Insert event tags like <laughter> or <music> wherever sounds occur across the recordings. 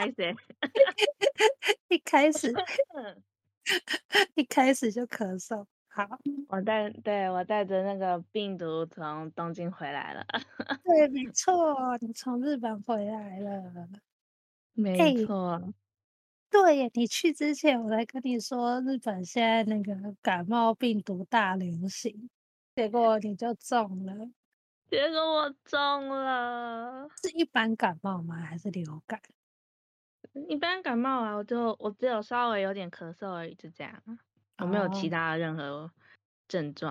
開始， <laughs> <laughs> 一開始，一開始就咳嗽。好，我帶，對我帶着那個病毒從東京回來了。 <laughs> 對，沒錯，你從日本回來了，沒錯。欸，對呀，你去之前，我來跟你說，日本現在那個感冒病毒大流行，結果你就中了。結果我中了，是一般感冒嗎？還是流感？一般感冒啊，我就我只有稍微有點咳嗽而已，就這樣，oh. 我沒有其他任何症狀。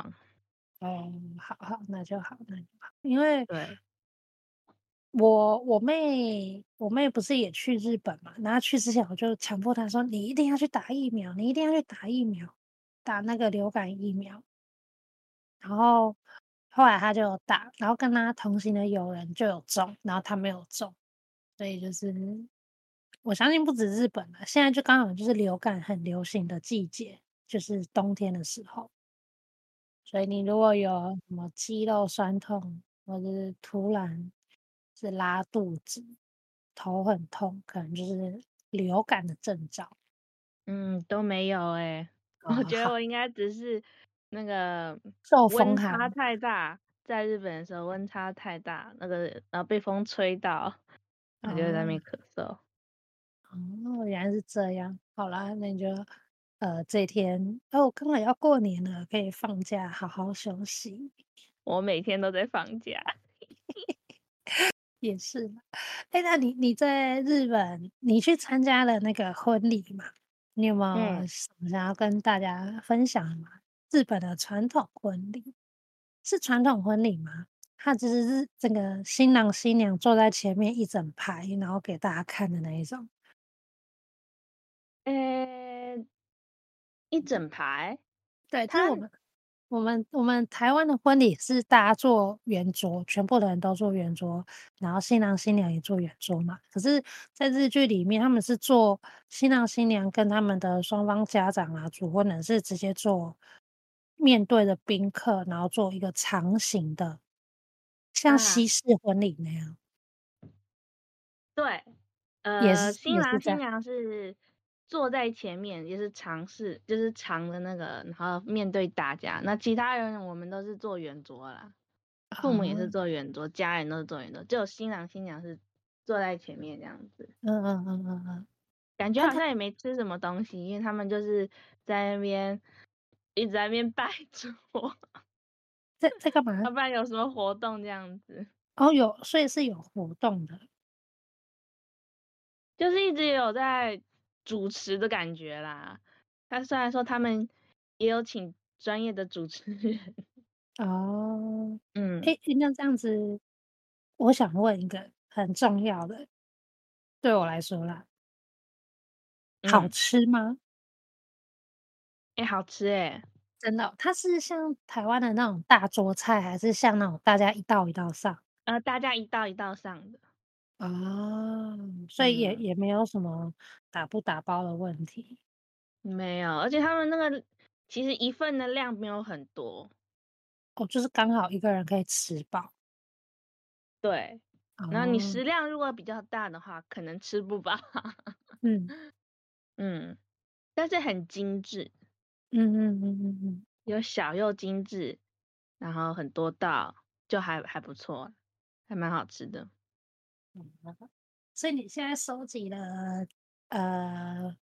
哦、嗯，好好，那就好，那就好，因為我對我我妹我妹不是也去日本嘛？然後去之前我就強迫她說：“你一定要去打疫苗，你一定要去打疫苗，打那個流感疫苗。”然後後來她就有打，然後跟她同行的友人就有中，然後她沒有中，所以就是。我相信不止日本了。現在就剛好就是流感很流行的季節，就是冬天的時候。所以你如果有什麼肌肉痠痛，或者是突然是拉肚子、頭很痛，可能就是流感的症狀。嗯，都沒有哎、欸。Oh, 我覺得我應該只是那個受風寒溫差太大，在日本的時候溫差太大，那個然後被風吹到，我就在那邊咳嗽。哦，原來是這樣。好啦，那你就呃，這天哦，剛好要過年了，可以放假好好休息。我每天都在放假， <laughs> 也是。哎、欸，那你你在日本，你去參加了那個婚禮嘛？你有沒有想要跟大家分享的嗎？嗯、日本的傳統婚禮是傳統婚禮嗎？它只是這個新郎新娘坐在前面一整排，然後給大家看的那一種。呃、欸，一整排，對，他我們我們我們台灣的婚禮是大家坐圓桌，全部的人都坐圓桌，然後新郎新娘也坐圓桌嘛。可是，在日劇裡面，他們是坐新郎新娘跟他們的雙方家長啊、主婚人是直接坐面對的賓客，然後做一個長形的，像西式婚禮那樣，啊。對，呃，新郎是新娘是。坐在前面也是長式，就是長的那個，然後面對大家。那其他人我們都是坐圓桌啦，父母也是坐圓桌，嗯、家人都是坐圓桌，只有新郎新娘是坐在前面這樣子。嗯嗯嗯嗯嗯，感覺好像也沒吃什麼東西，他因為他們就是在那邊一直在那邊拜桌，在在幹嘛？要不然有什麼活動這樣子？哦，有，所以是有活動的，就是一直有在。主持的感覺啦，他雖然說他們也有請專業的主持人哦，嗯，哎、欸，那這樣子，我想問一個很重要的，對我來說啦，嗯、好吃嗎？哎、欸，好吃哎、欸，真的、哦，它是像台灣的那種大桌菜，還是像那種大家一道一道上？呃，大家一道一道上的啊。哦所以也、嗯、也沒有什麼打不打包的問題，沒有，而且他們那個其實一份的量沒有很多，哦，就是剛好一個人可以吃飽，對，哦、然後你食量如果比較大的話，可能吃不飽， <laughs> 嗯嗯，但是很精緻，嗯嗯嗯嗯嗯，又小又精緻，然後很多道，就還還不錯，還蠻好吃的，嗯。所以你現在收集了呃、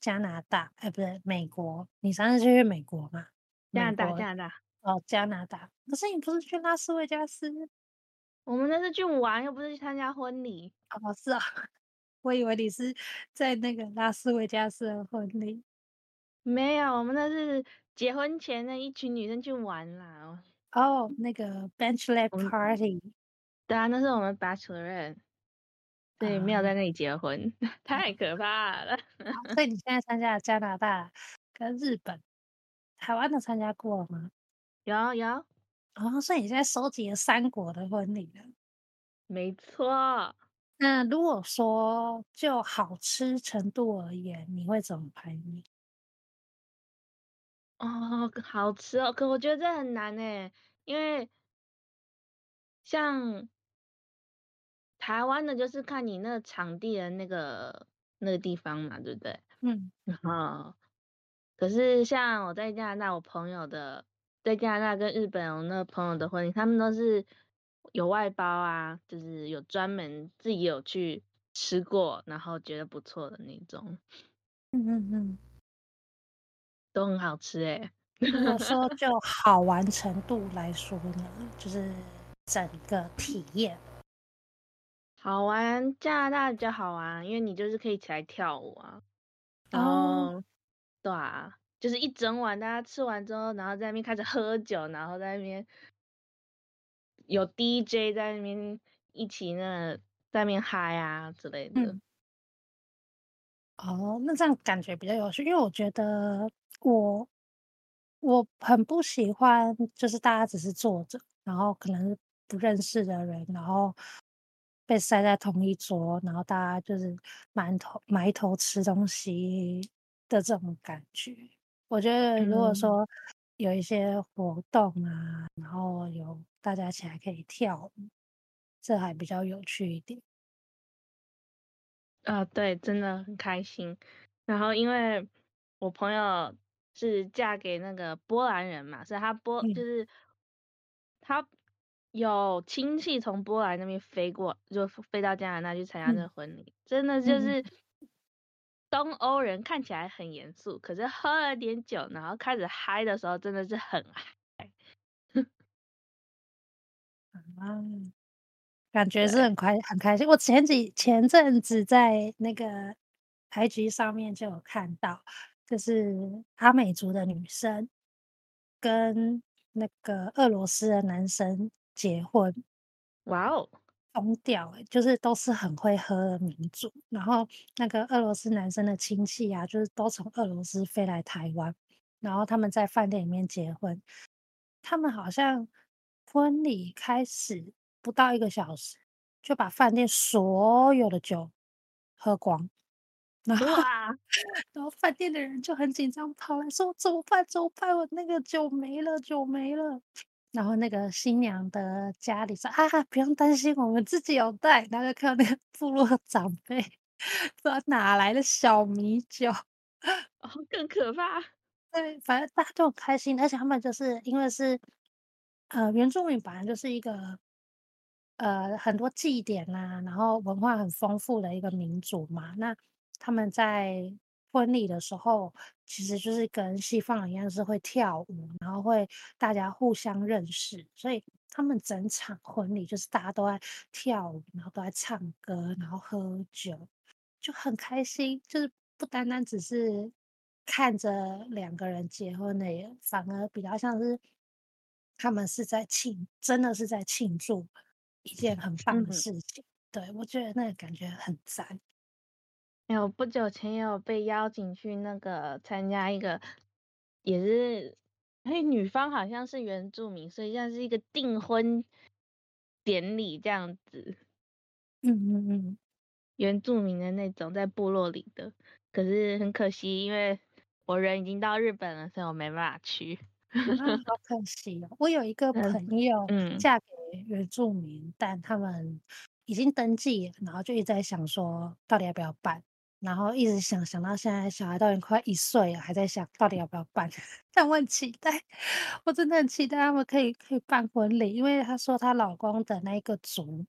加拿大，哎、欸、不對，美國。你上次去美國嗎？美國加拿大，加拿大。哦，加拿大。可是你不是去拉斯維加斯？我們那是去玩，又不是去參加婚禮。哦，是啊。我以為你是在那個拉斯維加斯的婚禮。沒有，我們那是結婚前的一群女生去玩啦。哦，那個 bachelor party，嗯。對啊，那是我們 bachelor 主任。對，沒有在那裡結婚，嗯、太可怕了、哦。所以你現在參加加拿大、跟日本、台灣都參加過了嗎？有有好像是你現在收集了三國的婚禮了。沒錯。那如果說就好吃程度而言，你會怎麼排名？哦，好吃哦，可我覺得這很難呢，因為像。台灣的，就是看你那個場地的那個那個地方嘛，對不對？嗯。然後，可是像我在加拿大，我朋友的在加拿大跟日本，我那個朋友的婚禮，他們都是有外包啊，就是有專門自己有去吃過，然後覺得不錯的那種。嗯嗯嗯。都很好吃哎、欸。我說，就好玩程度來說呢， <laughs> 就是整個體驗。好玩，加拿大比較好玩，因為你就是可以起來跳舞啊，然後，oh. 對啊，就是一整晚大家吃完之後，然後在那邊開始喝酒，然後在那邊有 DJ 在那邊一起那，在那邊嗨啊之類的。哦，oh, 那這樣感覺比較有趣，因為我覺得我我很不喜歡，就是大家只是坐着，然後可能不認識的人，然後。被塞在同一桌，然後大家就是埋頭埋頭吃東西的這種感覺。我覺得如果說有一些活動啊，嗯，然後有大家起來可以跳，這還比較有趣一點。啊對，真的很開心。然後因為我朋友是嫁給那個波蘭人嘛，所以他波就是他。有親戚從波蘭那邊飛過，就飛到加拿大去參加那個婚禮。嗯、真的就是、嗯、東歐人看起來很嚴肅，可是喝了點酒，然後開始嗨的時候，真的是很嗨 <laughs> 嗯。感覺是很開對很開心。我前幾前陣子在那個 IG 上面就有看到，就是阿美族的女生跟那個俄羅斯的男生。結婚，哇哦 Wow，瘋掉、欸！了。就是都是很會喝的民族，然後那個俄羅斯男生的親戚啊，就是都從俄羅斯飛來台灣，然後他們在飯店裡面結婚。他們好像婚禮開始不到一個小時，就把飯店所有的酒喝光。哇！然後， <laughs> 然後飯店的人就很緊張，跑來說：“走吧，走吧，我那個酒沒了，酒沒了。”然後那個新娘的家裡說啊，不用擔心，我們自己有帶。然後看到那個部落長輩說哪來的小米酒，更可怕。對，反正大家都很開心，而且他們就是因為是呃原住民，本來就是一個呃很多祭典啦、啊，然後文化很豐富的一個民族嘛。那他們在。婚禮的時候，其實就是跟西方人一樣，就是會跳舞，然後會大家互相認識，所以他們整場婚禮就是大家都在跳舞，然後都在唱歌，然後喝酒，就很開心。就是不單單只是看着兩個人結婚的人，反而比較像是他們是在慶，真的是在慶祝一件很棒的事情。嗯哼。對，我覺得那個感覺很讚。有、欸、不久前也有被邀請去那個參加一個，也是，嘿、欸，女方好像是原住民，所以像是一個訂婚典禮這樣子。嗯嗯嗯，原住民的那種在部落裡的，可是很可惜，因為我人已經到日本了，所以我沒辦法去。 <laughs> 啊、好可惜哦，我有一個朋友嫁給原住民，嗯、但他們已經登記，然後就一直在想說，到底要不要辦？然後一直想想到現在，小孩都已經快一歲了，還在想到底要不要辦。但我很期待，我真的很期待他們可以可以辦婚禮。因為她說她老公的那個族，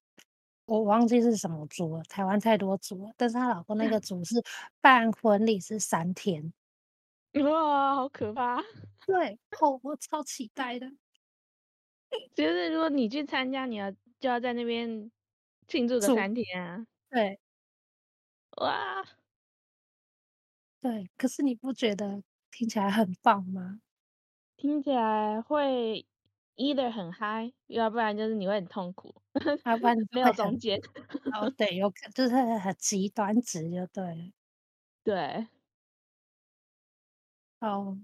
我忘記是什麼族了，台灣太多族了，但是她老公那個族是辦婚禮是三天，哇，好可怕！對，我、哦、我超期待的。就是如果你去參加，你要就要在那邊慶祝的三天啊。對。哇，Wow 對，可是你不覺得聽起來很棒嗎？聽起來會，either 很嗨，要不然就是你會很痛苦，要不然你 <laughs> 沒有中間。哦，對，有，就是很極端值，就對， <laughs> 對。哦，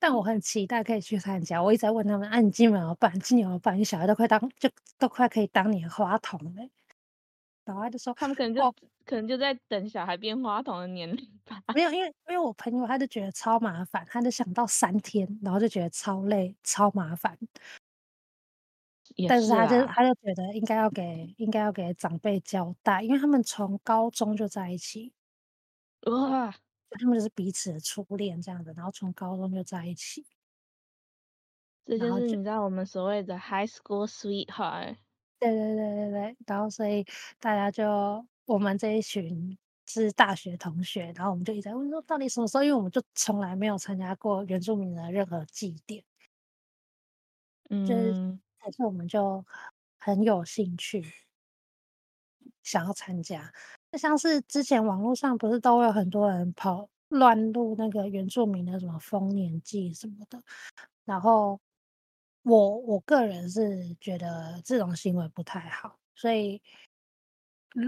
但我很期待可以去參加。我一直在問他們，哎、啊，今年要你今年要辦，你小孩都快當，就都快可以當你的花童了、欸。老外就說，他們可能就哇可能就在等小孩變花童的年齡吧。沒有，因為因為我朋友他就覺得超麻煩，他就想到三天，然後就覺得超累，超麻煩。也是啊。但是他就他就覺得應該要給應該要給長輩交代，因為他們從高中就在一起。哇！他們就是彼此的初戀這樣子，然後從高中就在一起。這就是你知道我們所謂的 high school sweetheart。對對對對對，然後所以大家就，我們這一群是大學同學，然後我們就一直在問說到底什麼時候？因為我們就從來沒有參加過原住民的任何祭典，就是、嗯，就是但是我們就很有興趣想要參加。就像是之前網絡上不是都會有很多人跑亂入那個原住民的什麼豐年祭什麼的，然後。我我個人是覺得這種行為不太好，所以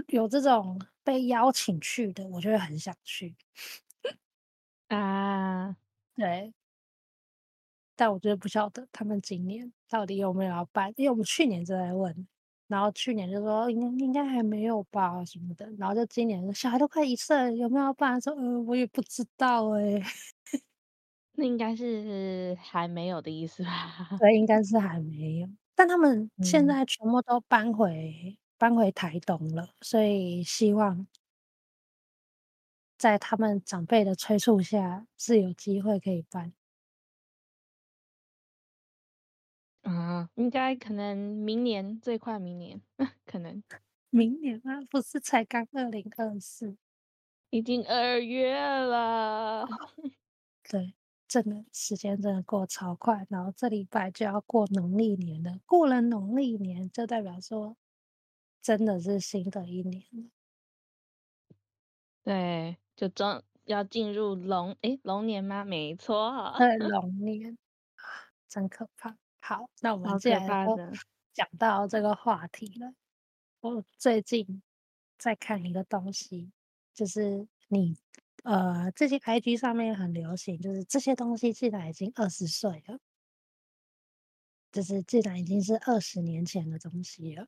有這種被邀請去的，我就會很想去 <laughs> 啊。對，但我就不曉得他們今年到底有沒有要辦，因為我們去年就在問，然後去年就說應該應該還沒有吧什麼的，然後就今年就小孩都快一歲，有沒有要辦？說呃，我也不知道哎、欸。 <laughs> 那應該是還沒有的意思吧？對，應該是還沒有。但他們現在全部都搬回、嗯、搬回台東了，所以希望在他們長輩的催促下是有機會可以搬。啊、嗯，應該可能明年，最快明年，可能明年啊。不是才剛二零二四，已經二月了。 <laughs> 對。真的時間真的過超快，然後這禮拜就要過農曆年了。過了農曆年，就代表說真的是新的一年了。對，就正要進入龍，哎龍年嗎？沒錯，龍 <laughs> 年，真可怕。好，那我們既然都講到這個話題了，我最近在看一個東西，就是你。呃，這些 IG 上面很流行，就是這些東西，既然已經二十歲了，就是既然已經是二十年前的東西了，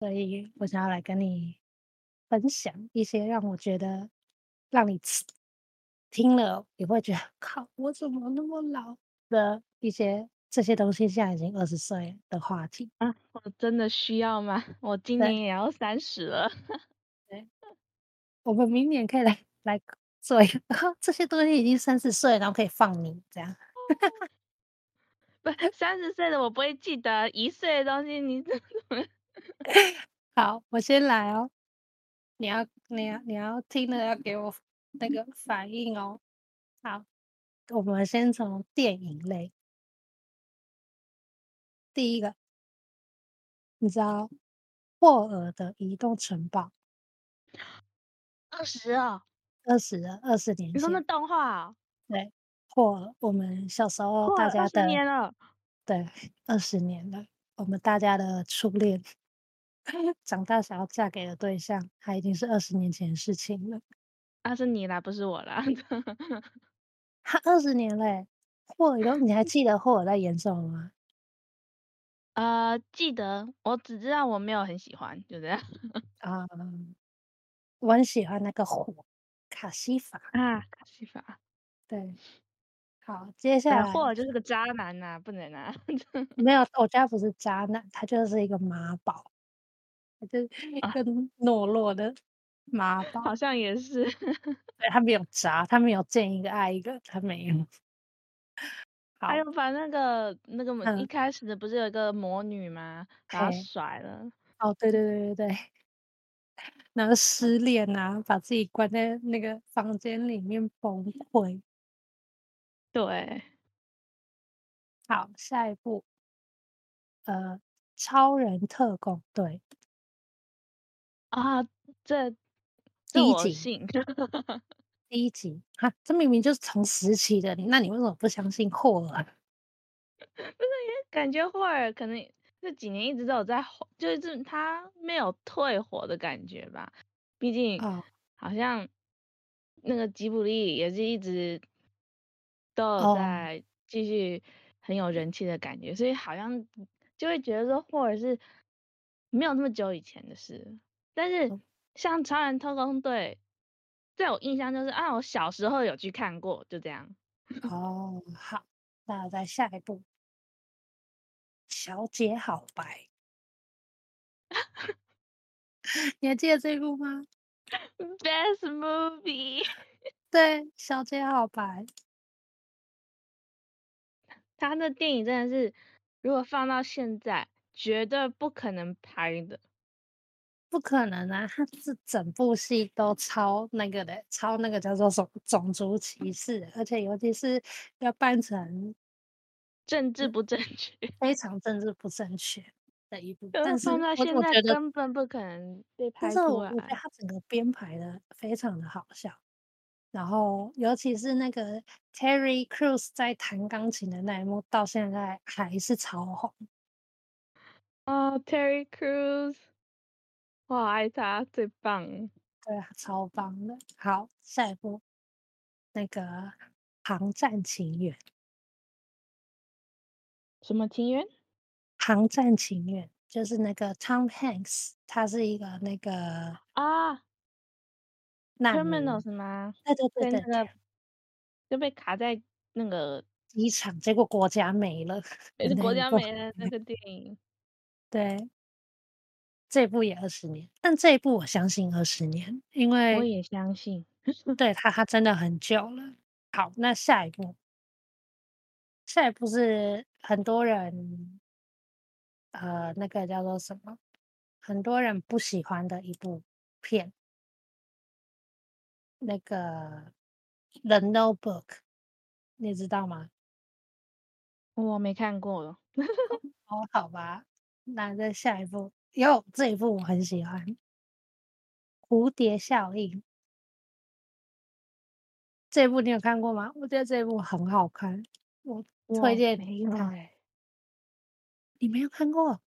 所以我想要來跟你分享一些讓我覺得讓你聽了你會覺得靠，我怎麼那麼老的一些這些東西，現在已經二十歲的話題啊？我真的需要嗎？我今年也要三十了，我們明年可以來來。所以、哦、這些東西已經三十歲了，然後可以放你這樣， <laughs> 不三十歲的我不會記得一歲的東西你，你 <laughs> 好，我先來哦。你要你要你要聽了要給我那個反應哦。好，我們先從電影類，第一個，你知道霍爾的移動城堡，二十、哦。二十了，二十年。你說那動畫、哦？啊？對，火。我們小時候大家的。二十年了。對，二十年了，我們大家的初戀，長大想要嫁給的對象，他已經是二十年前的事情了。那、啊、是你啦，不是我啦。他二十年嘞。霍爾，然後你還記得霍爾在演什麼嗎？啊、呃，記得，我只知道我沒有很喜歡，就這樣。啊、 <laughs> 嗯，我很喜歡那個火。卡西法啊，卡西法，對，好，接下來霍爾就是個渣男吶、啊，不能啊， <laughs> 沒有，我家不是渣男，他就是一個媽寶，他就是一個、啊、懦弱的媽寶好像也是，對，他 <laughs> 沒有渣，他沒有見一個愛一個，他沒有，還有把那個那個一開始的不是有一個魔女嗎？嗯、把他甩了，哦，對對對對對。然後失戀啊，把自己關在那個房間裡面崩潰。對，好，下一步，呃，超人特工隊，對，啊，這，這第一集， <laughs> 第一集，哈，這明明就是同時期的，那你為什麼不相信霍爾、啊，就是感覺霍爾可能。這幾年一直都有在火，就是他沒有退火的感覺吧。畢竟，好像那個吉卜力也是一直都有在繼續很有人氣的感覺，oh. 所以好像就會覺得說，或者是沒有那麼久以前的事。但是像《超人特工隊》，在我印象就是啊，我小時候有去看過，就這樣。哦，oh. 好，那我在下一部。小姐好白， <laughs> 你還記得這一部嗎？Best movie，對，小姐好白，他的電影真的是，如果放到現在，絕對不可能拍的，不可能啊！他是整部戲都抄那個的，抄那個叫做什麼種族歧視，而且尤其是要扮成。政治不正確、嗯，非常政治不正確的一部， <laughs> 但是我覺得現在根本不可能被拍出來。他整個編排的非常的好笑，然後尤其是那個 Terry Crews 在彈鋼琴的那一幕，到現在還是超紅。啊、oh，Terry Crews，我愛他，最棒，對、啊，超棒的。好，下一部那個《航站情緣》。什麼情緣？航站情緣就是那個 Tom Hanks，他是一個那個啊，Terminal 是嗎、哎？對對對，就被卡在那個機場，結果國家沒了，也是國家沒了， <laughs> 那一部，沒了。那個電影，對，這部也二十年，但這一部我相信二十年，因為我也相信， <laughs> 對他他真的很久了。好，那下一部，下一部是。很多人，呃，那個叫做什麼？很多人不喜歡的一部片，那個《The Notebook》，你知道嗎？我沒看過。 <laughs> <laughs> 哦，好吧，那再下一部，喲，這一部我很喜歡，《蝴蝶效應》這一部你有看過嗎？我覺得這一部很好看。我。推薦你看，啊、你沒有看過？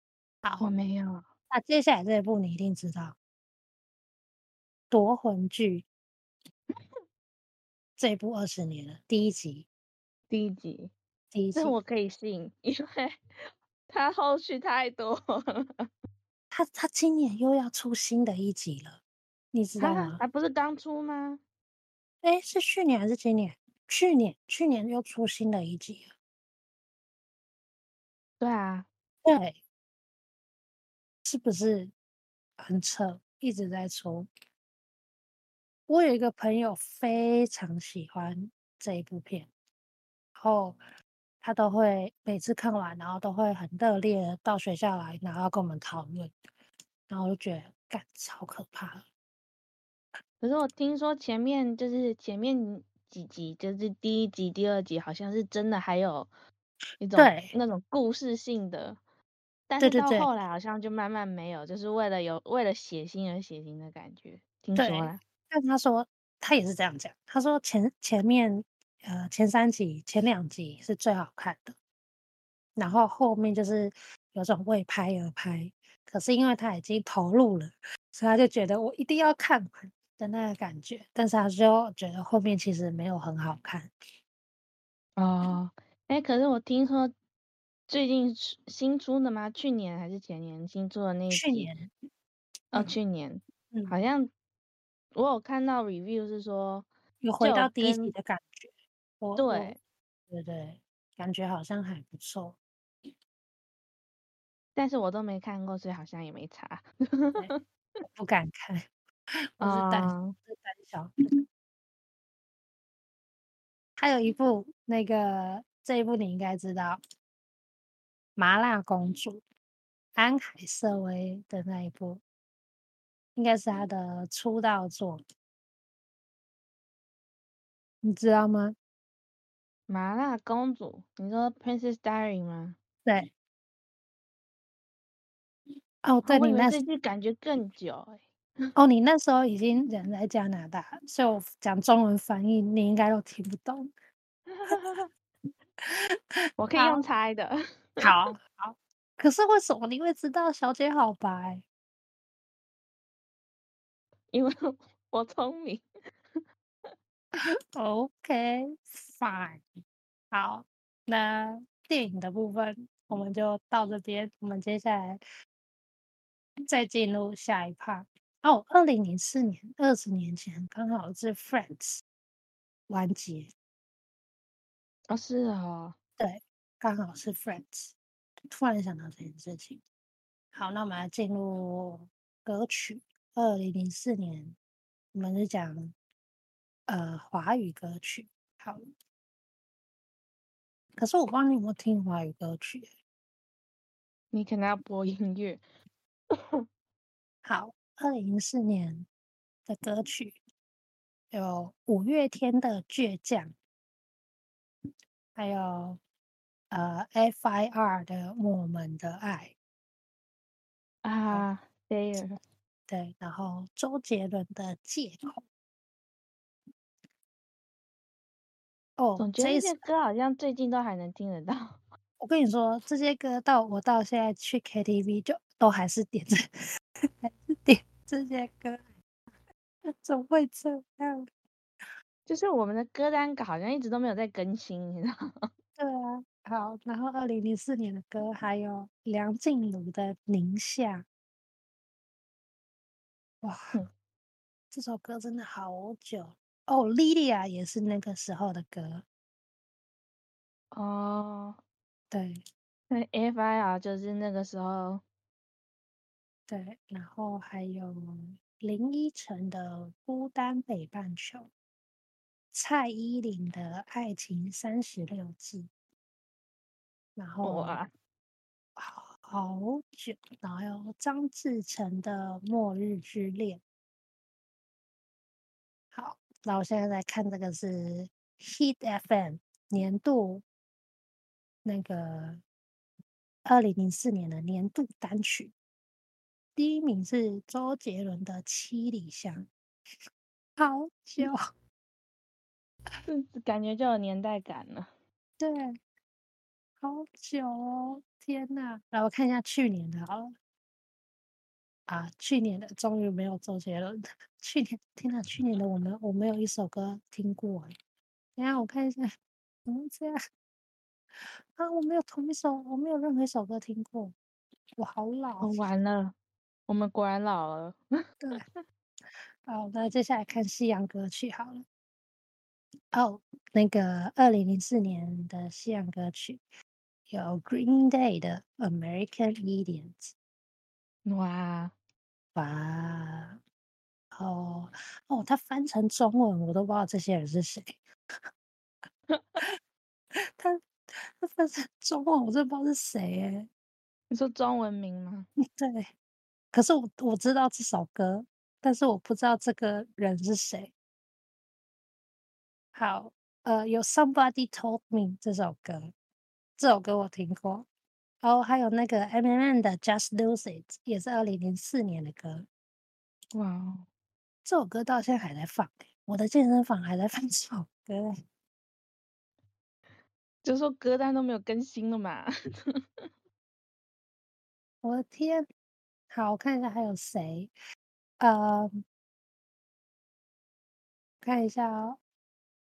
好，我沒有。那接下來這一部你一定知道，《奪魂鋸》這部二十年了，第一集，第一集，第一集，但我可以信，因為他後續太多了。他今年又要出新的一集了，你知道嗎？啊，不是剛出嗎？哎，是去年還是今年？去年，去年又出新的一集了。對啊，對，是不是很扯？一直在說。我有一個朋友非常喜歡這一部片，然後他都會每次看完，然後都會很熱烈的到學校來，然後要跟我們討論。然後我就覺得，幹，超可怕。可是我聽說前面就是前面幾集，就是第一集、第二集，好像是真的還有。一種對那種故事性的，但是到後來好像就慢慢沒有，對對對，就是為了有為了血腥而血腥的感覺，對聽說啦。但他說他也是這樣講，他說前前面呃前三集前兩集是最好看的，然後後面就是有種為拍而拍，可是因為他已經投入了，所以他就覺得我一定要看完的那個感覺，但是他就覺得後面其實沒有很好看，哦。哎、欸，可是我聽說，最近新出的嗎？去年還是前年新出的那一？去年，哦，去年，嗯、好像我有看到 review 是說有，有回到第一集的感覺。哦、對，哦、對，對對，感覺好像還不錯。但是我都沒看過，所以好像也沒查， <laughs> 欸、不敢看， <laughs> 我是膽單，膽、嗯、小。還有一部那個。這一部你應該知道，《麻辣公主》安海瑟薇的那一部，應該是她的出道作，嗯、你知道嗎？《麻辣公主》，你說 Princess Diaries 嗎？對。哦，對，你那時候感覺更久哦，你那時候已經人在加拿大，所以我講中文翻譯，你應該都聽不懂。 <laughs> <laughs> 我可以用猜的好。 <laughs> 好，好好。可是為什麼你會知道小姐好白？ <laughs> 因為我聰明。 <laughs> OK，fine，okay。好，那電影的部分我們就到這邊。我們接下來再進入下一趴。哦，二零零四年，二十年前，剛好是 Friends 完結。啊、哦，是啊、哦，對，剛好是 Friends，突然想到這件事情。好，那我們來進入歌曲。二零零四年，我們是講呃華語歌曲。好，可是我不知道你有沒有聽華語歌曲，欸。你可能要播音樂。 <laughs> 好，二零零四年的歌曲有五月天的倔強。還有，呃，FIR 的《我們的愛》啊，對，對，然後周杰倫的《借口》。哦、oh，總覺得這些歌好像最近都還能聽得到。我跟你說，這些歌到我到現在去 KTV 就都還是點，還是點這些歌，那怎麼會這樣？就是我們的歌單好像一直都沒有在更新，你知道嗎？對啊，好，然後二零零四年的歌還有梁靜茹的《寧夏》，哇，這首歌真的好久哦。Lydia 也是那個時候的歌，哦，oh, 對，那 FIR 就是那個時候，對，然後還有林依晨的《孤單北半球》。蔡依林的《愛情三十六計》，然後哇好久，然後還有張智成的《末日之戀》。好，那我現在在看這個是 Hit FM 年度那個二零零四年的年度單曲，第一名是周杰倫的《七里香》，好久。 <laughs> 嗯，感覺就有年代感了。對，好久哦，天吶，來，我看一下去年的啊，啊，去年的終於沒有周杰倫的。去年，天哪，去年的我們，我沒有一首歌聽過。等下我看一下，怎麼這樣？啊，我沒有同一首，我沒有任何一首歌聽過。我好老，哦，完了，我們果然老了。 <laughs> 對，好，那接下來看西洋歌曲好了。哦，oh, 那個二零零四年的西洋歌曲，有 Green Day 的 American Idiots，哇哇，哦哦，他、oh, oh, 翻成中文，我都不知道這些人是誰。他 <laughs> 他翻成中文，我都不知道是誰哎、欸。你說中文名嗎？對。可是我我知道這首歌，但是我不知道這個人是誰。好，呃，有《Somebody Told Me》這首歌，這首歌我聽過，然、哦、後還有那個 M&M 的《Just Lose It》，也是二零零四年的歌。哇哦，這首歌到現在還在放，我的健身房還在放這首歌嘞。就說歌單都沒有更新了嘛？ <laughs> 我的天，好，我看一下還有誰？呃，看一下。哦。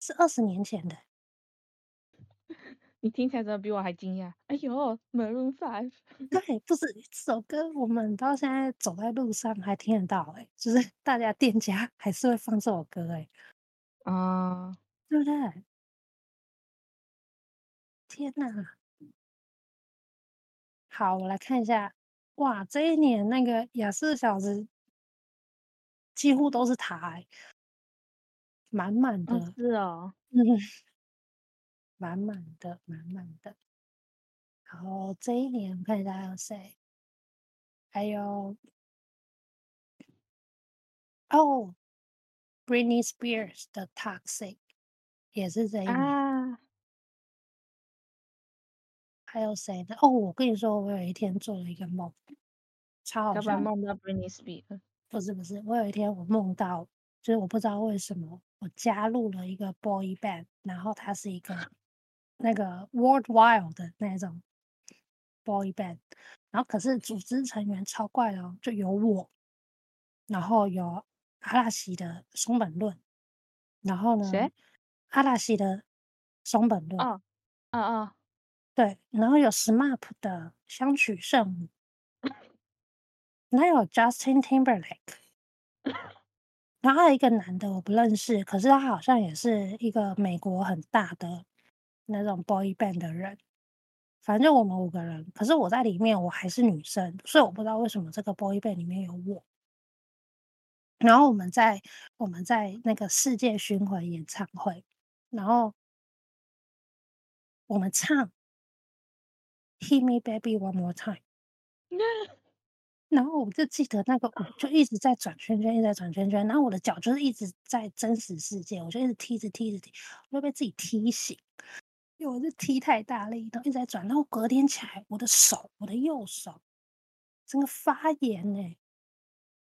是二十年前的，你聽起來怎麼比我還驚訝？哎呦，Maroon Five，對，不是這首歌，我們到現在走在路上還聽得到、欸，哎，就是大家店家還是會放這首歌、欸，哎、uh，啊，對不對？天哪、啊，好，我來看一下，哇，這一年那個亞瑟小子幾乎都是他、欸。滿滿的、哦，是哦，嗯，滿滿的，滿滿的。然後這一年，看一下還有誰，還有，哦，Britney Spears 的 to，啊《Toxic》也是這一、啊、還有誰的？哦，我跟你說，我有一天做了一個夢，超好笑。要不然夢到 Britney Spears？不是不是，我有一天我夢到，就是我不知道為什麼。我加入了一個 boy band，然後它是一個那個 worldwide 的那一種 boy band，然後可是組織成員超怪哦，就有我，然後有阿拉西的松本潤，然後呢？誰？阿拉西的松本潤。啊啊啊！Uh. 對，然後有 SMAP 的香取慎吾，那 <laughs> 有 Justin Timberlake。 <laughs> 然後還有一個男的我不認識，可是他好像也是一個美國很大的那種 boy band 的人。反正我們五個人，可是我在裡面我還是女生，所以我不知道為什麼這個 boy band 裡面有我。然後我們在我們在那個世界巡迴演唱會，然後我們唱《Hit Me Baby One More Time》。 <laughs> 然後我就記得那個我就一直在轉圈圈，oh. 一直在轉圈圈。然後我的腳就是一直在真實世界，我就一直踢着踢着踢，踢，我就被自己踢醒，因為我是踢太大力，一直在轉。然後隔天起來，我的手，我的右手，整個發炎呢、欸。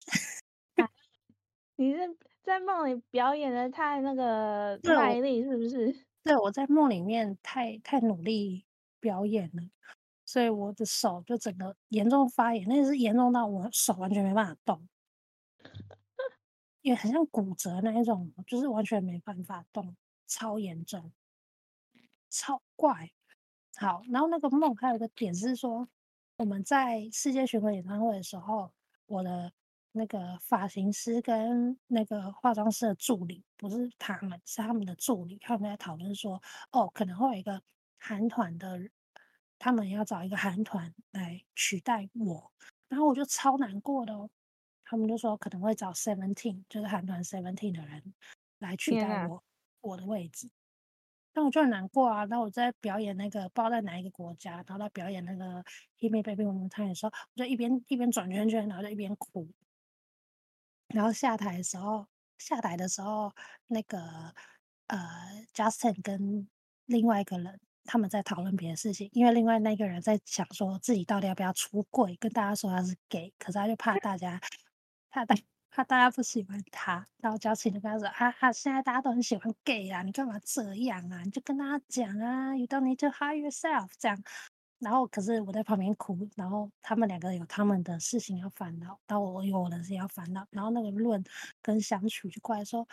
<laughs> 你是在夢裡表演的太那個賣力，是不是？對，對，我在夢裡面太太努力表演了。所以我的手就整個嚴重發炎，那是嚴重到我手完全沒辦法動，也很像骨折那一種，就是完全沒辦法動，超嚴重，超怪。好，然後那個夢還有一個點是說，我們在世界巡迴演唱會的時候，我的那個髮型師跟那個化妝師的助理，不是他們，是他們的助理，他們在討論說，哦，可能會有一個韓團的。他們要找一個韓團來取代我，然後我就超難過的哦，他們就說可能會找 Seventeen，就是韓團 Seventeen 的人來取代我 Yeah. 我的位置。那我就很難過啊。那我在表演那個不知道在哪一個國家，然後在表演那個《Hit Me Baby》我們唱的時候，我就一邊一邊轉圈圈，然後就一邊哭。然後下台的時候，下台的時候，那個呃 Justin 跟另外一個人，他們在討論別的事情，因為另外那個人在想說自己到底要不要出櫃，跟大家說他是 gay，可是他就怕大家怕怕大家不喜歡他。然後佳琪就跟他說：“啊哈、啊，現在大家都很喜歡 gay 啊，你幹嘛這樣啊？你就跟大家講啊，you don't need to hide yourself。”這樣。然後，可是我在旁邊哭。然後他們兩個有他們的事情要煩惱，到我有我的事情要煩惱。然後那個論跟相曲就過來說，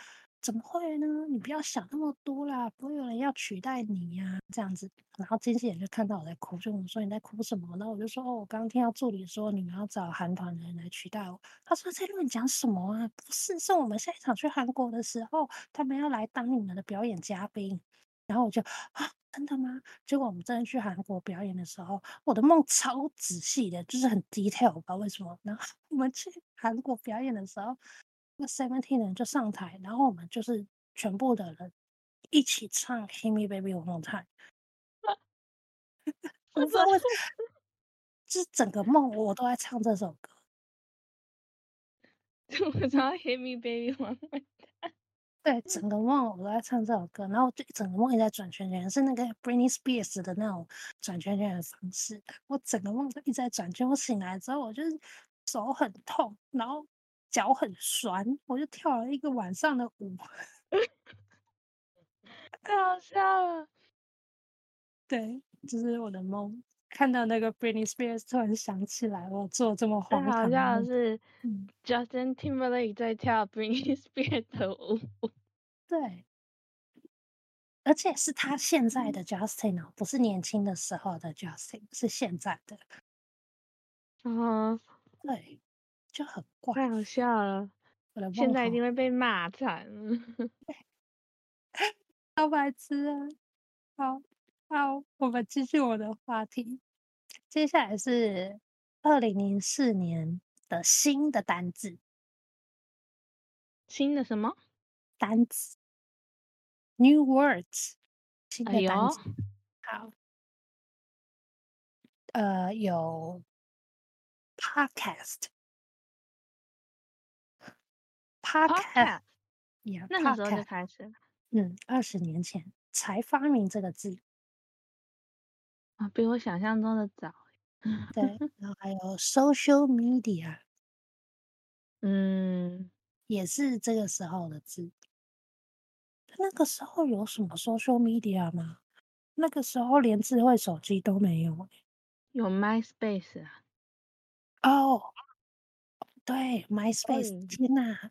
怎麼會呢？你不要想那麼多啦，不會有人要取代你呀，啊，這樣子。然後經紀人就看到我在哭，就問我說：“你在哭什麼？”然後我就說：“哦，我剛聽到助理說你們要找韓團的人來取代我。”他說：“在亂講什麼啊？不是，是我們下一場去韓國的時候，他們要來當你們的表演嘉賓。”然後我就：“啊，真的嗎？”結果我們真的去韓國表演的時候，我的夢超仔細的，就是很 detail，為什麼？然後我們去韓國表演的時候。那 Seventeen 人就上台，然後我們就是全部的人一起唱《Hit Me Baby One More Time》。 <laughs> 我不知道我， <laughs> 就是整個夢我都在唱這首歌。我唱《Hit Me Baby One More Time》。對，整個夢我都在唱這首歌，然後我整個夢一直在轉圈圈，是那個 Britney Spears 的那種轉圈圈的方式。我整個夢都一直在轉圈，我醒來之後，我就是手很痛，然後。腳很痠，我就跳了一個晚上的舞，太 <laughs> <laughs> 好笑了，喔。對，這，就是我的夢，看到那個 Britney Spears，突然想起來我做這麼荒唐的，好像是 Justin Timberlake 在跳 Britney Spears 的舞，對，而且是他現在的 Justin 哦、喔，不是年輕的時候的 Justin，是現在的。嗯，uh huh. 對。就很怪，太好笑了！我的現在一定會被罵慘，好， <laughs> 白痴啊！好，好，我們繼續我的話題。接下來是二零零四年的新的單詞，新的什麼單詞？New words，新的單詞、哎。好，呃，有 podcast。Podcast。r、啊、耶那個時候就開始了。嗯，二十年前才發明這個字啊，比我想象中的早。 <laughs> 對，然後還有 social media，嗯，也是這個時候的字。那個時候有什麼 social media 嗎？那個時候連智慧手機都沒有。有 MySpace 啊。哦、oh，對，MySpace，天哪以！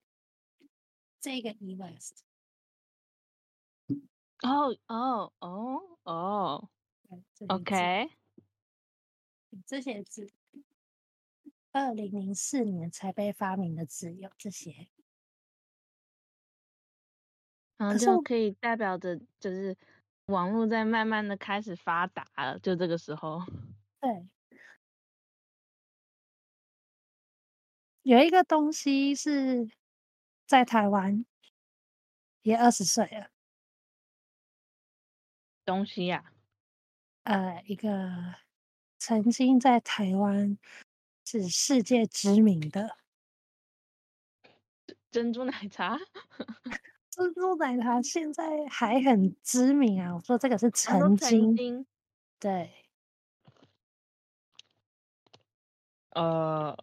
這個 i n e s t 哦哦哦哦，OK，這些字，二零零四年才被發明的字有這些，好後，嗯，就可以代表着就是網絡在慢慢的開始發達了，就這個時候，對，有一個東西是。在台灣也二十歲了。東西呀、啊？呃，一個曾經在台灣是世界知名的珍珠奶茶， <laughs> <laughs> 珍珠奶茶現在還很知名啊！我說這個是曾經，啊、都曾經對，呃，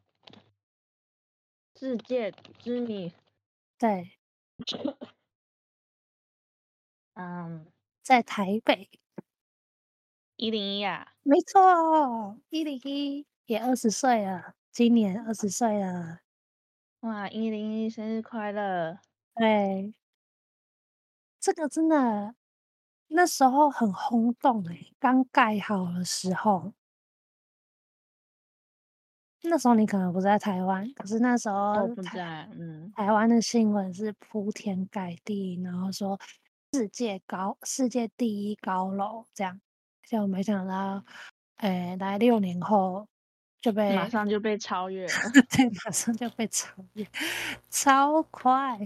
世界知名。對，嗯，um, 在台北一零一啊，沒錯，一零一也二十歲了，今年二十歲了，哇，一零一生日快樂！對，這個真的那時候很轟動哎、欸，剛蓋好的時候。那時候你可能不在台灣，可是那時候都不在、嗯、台灣的新聞是鋪天蓋地，然後說世界高世界第一高樓這樣，就我沒想到，誒、欸，來六年後就被、欸、馬上就被超越了， <laughs> 對，馬上就被超越，超快。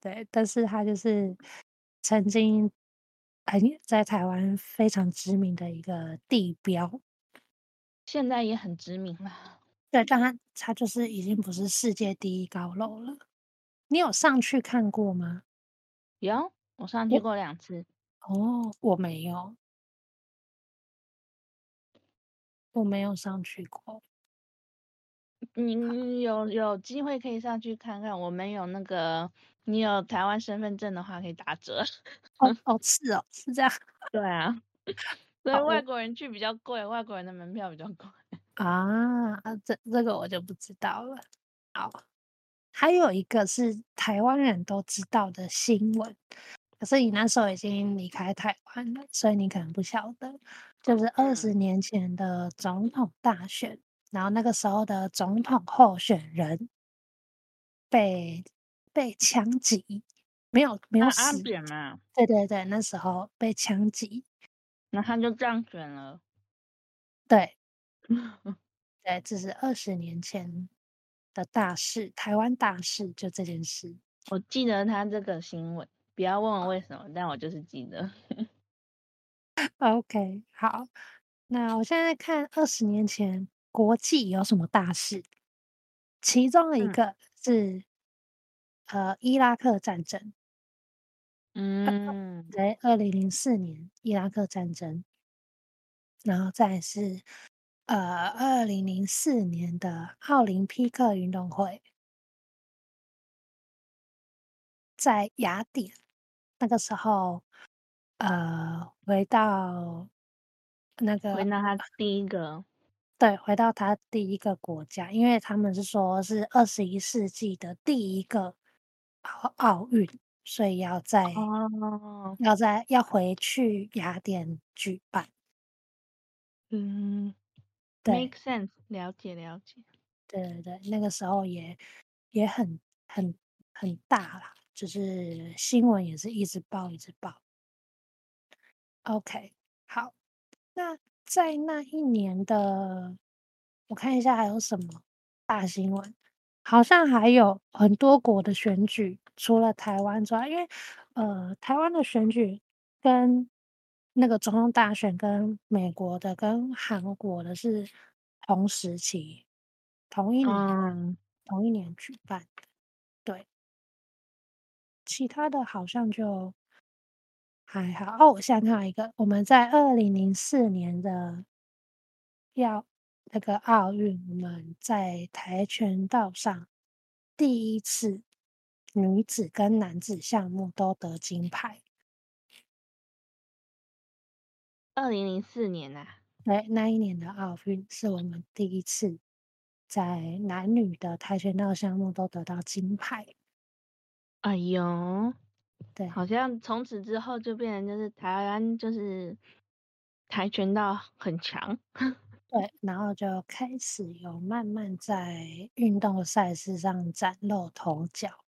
對，但是它就是曾經很在台灣非常知名的一個地標。現在也很知名了，對，但它它就是已經不是世界第一高樓了。你有上去看過嗎？有，我上去過兩次。哦，我沒有，我沒有上去過。你，好你有有機會可以上去看看。我們有那個，你有台灣身份證的話可以打折。好 <laughs> 好、哦哦、是哦，是這樣。對啊。所以外國人去比較貴，oh, 外國人的門票比較貴。啊，這這個我就不知道了。好，還有一個是台灣人都知道的新聞，可是你那時候已經離開台灣了，所以你可能不曉得，就是二十年前的總統大選，oh, yeah. 然後那個時候的總統候選人被被槍擊，沒有沒有死，對對對，那時候被槍擊。那他就這樣選了，對，對，這是二十年前的大事，台灣大事就這件事。我記得他這個新聞，不要問我為什麼，oh. 但我就是記得。 <laughs> OK，好，那我現在在看二十年前國際有什麼大事，其中的一個是呃伊拉克戰爭。嗯，在二零零四年伊拉克戰爭，然後再是呃二零零四年的奧林匹克運動會，在雅典那個時候，呃，回到那個回到他第一個、呃，對，回到他第一個國家，因為他們是說是二十一世紀的第一個奧奧運。所以要再，哦，要在要回去雅典舉辦。嗯，對，make sense，了解了解。對對對，那個時候也也很很很大啦，就是新聞也是一直報一直報。OK，好，那在那一年的，我看一下還有什麼大新聞，好像還有很多國的選舉。除了台灣之外，因為呃，台灣的選舉跟那個總統大選跟美國的、跟韓國的是同時期、同一年、嗯、同一年舉辦。對，其他的好像就還好。哦，我現在看到一個，我們在二零零四年的要那個奧運，我們在跆拳道上第一次女子跟男子項目都得金牌。二零零四年吶、啊、對、欸、那一年的奧運是我們第一次在男女的跆拳道項目都得到金牌。哎呦，對，好像從此之後就變成就是台灣就是跆拳道很強， <laughs> 對，然後就開始有慢慢在運動賽事上嶄露頭角。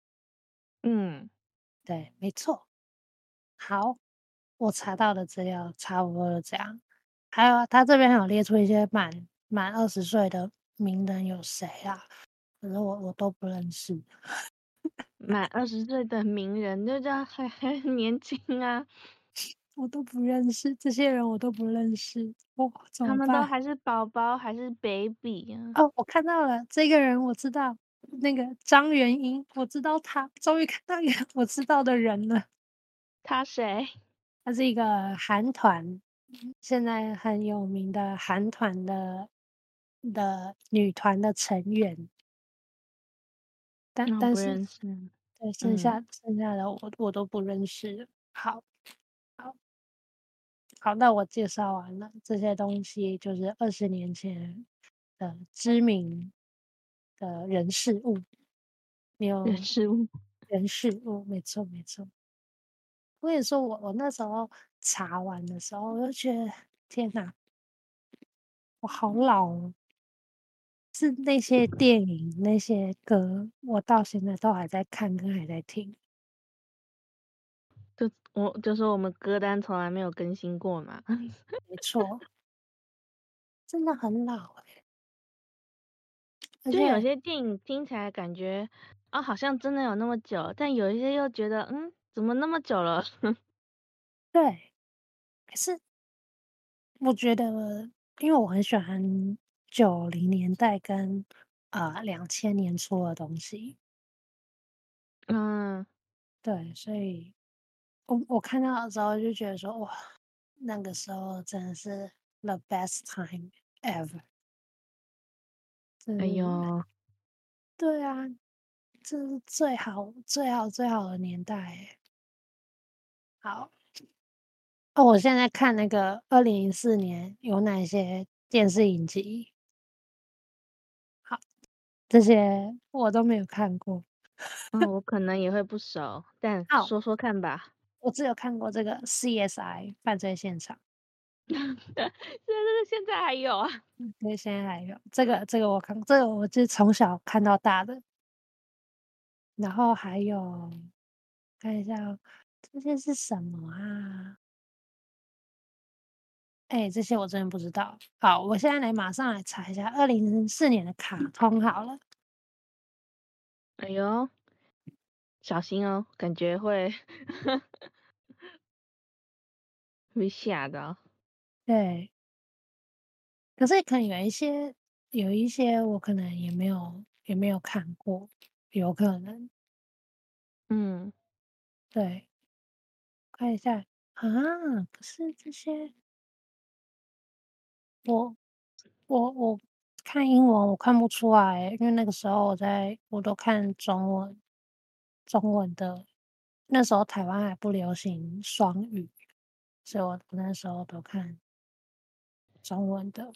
嗯，對，沒錯。好，我查到的資料差不多這樣。還有啊，他這邊還有列出一些滿滿二十歲的名人有誰啊？可是我我都不認識。滿二十歲的名人，就這樣還還年輕啊，我都不認識，這些人我都不認識。他們都還是寶寶，還是 baby 啊？哦，我看到了，這個人我知道。那個張元英，我知道她，終於看到一個我知道的人了。她誰？她是一個韓團，現在很有名的韓團的的女團的成員。但但是、嗯嗯，對，剩下、嗯、剩下的我我都不認識。好，好，好，那我介紹完了這些東西，就是二十年前的知名。的人事物，沒有人事物，人事物，沒錯，沒錯。我也說我，我我那時候查完的時候，我就覺得天哪，啊，我好老哦。是那些電影、那些歌，我到現在都還在看，都還在聽。就我就是我們歌單從來沒有更新過嘛， <laughs> 沒錯，真的很老欸。就有些電影聽起來感覺啊 Okay,、哦，好像真的有那麼久，但有一些又覺得，嗯，怎麼那麼久了？ <laughs> 對，可是我覺得，因為我很喜歡九零年代跟啊兩千年初的東西，嗯，對，所以我我看到的時候就覺得說，哇，那個時候真的是 the best time ever。嗯、哎呦，對啊，這是最好最好最好的年代。好，哦，我現在看那個二零零四年有哪些電視影集？好，這些我都沒有看過。 <laughs> 哦、我可能也會不熟，但好說說看吧，哦。我只有看過這個 CSI 犯罪現場。 <laughs> 現在還有啊？那現在還有這個、這個我，我看這個我就從小看到大的。然後還有看一下哦，這些是什麼啊？哎、欸，這些我真的不知道。好，我現在來馬上來查一下二零零四年的卡通好了。哎呦，小心哦，感覺會會嚇 <laughs> 到。對，可是可能有一些，有一些我可能也沒有也沒有看過，有可能，嗯，對，看一下啊，不是這些，我我我看英文我看不出來，因為那個時候我在我都看中文，中文的，那時候台灣還不流行雙語，所以我那時候都看。中文的，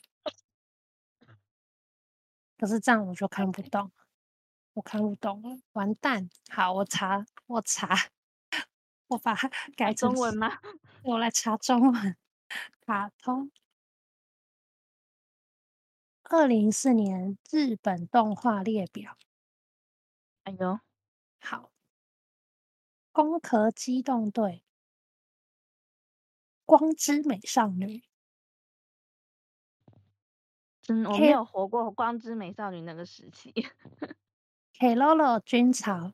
可是這樣我就看不懂，我看不懂了，完蛋！好，我查，我查，我把它改成中文嗎？我來查中文，卡通，二零一四年日本動畫列表，哎呦，好，攻殼機動隊，光之美少女。嗯，我沒有活過光之美少女那個時期。Keroro 軍曹。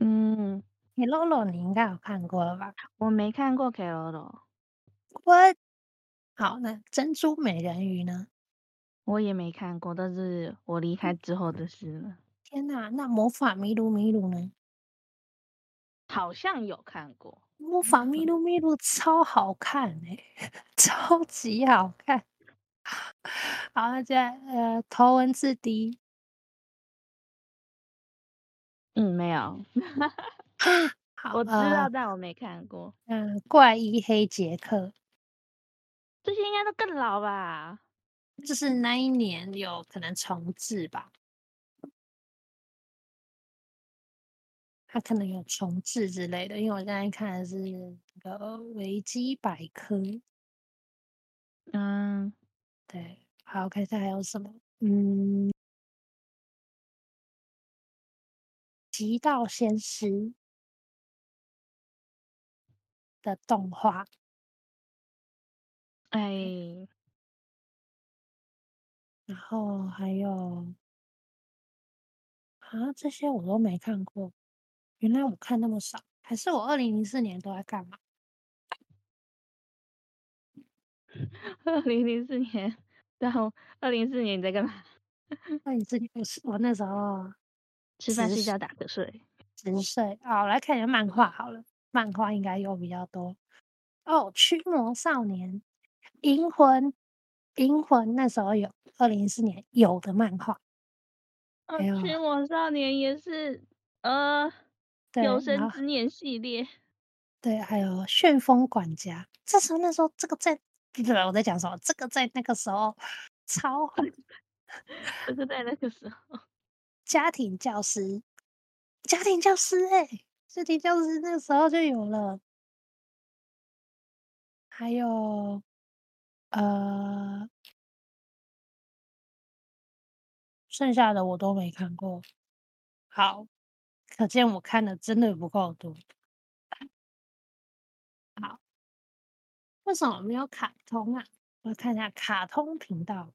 嗯 Keroro 你應該有看過了吧？我沒看過 Keroro。What？好，那珍珠美人魚呢？我也沒看過，但是我離開之後的事。天哪，啊，那魔法咪路咪路呢？好像有看過。魔法咪路咪路超好看嘞，欸，超級好看。好了再呃，頭文字 D，嗯，沒有， <laughs> 好嗯、我知道，嗯、但我沒看過。嗯，怪醫黑傑克，這些應該都更老吧？就是那一年有可能重置吧？它可能有重置之類的，因為我剛才看的是那個維基百科，嗯。對，好，看一下還有什麼。嗯，《極道鮮師》的動畫，哎，然後還有啊，這些我都沒看過。原來我看那麼少，還是我二零零四年都在幹嘛？二零零四年，然後二零零四年你在幹嘛？二零零四年我，我那時候吃飯、睡覺是、打瞌睡、十歲。好、哦，我來看一下漫畫好了，漫畫應該有比較多。哦，驅魔少年哦《驅魔少年》、《銀魂》、《銀魂》那時候有二零零四年有的漫畫。《驅魔少年》也是呃，對有生之年系列。對，還有《旋風管家》。這時候那時候這個在。對，了我在講什麼，這個在那個時候超 <laughs> 這就在那個時候，家庭教師，家庭教師哎、欸，家庭教師那個時候就有了，還有，呃，剩下的我都沒看過，好，可見我看的真的不夠多。為什麼沒有卡通啊？我看一下卡通頻道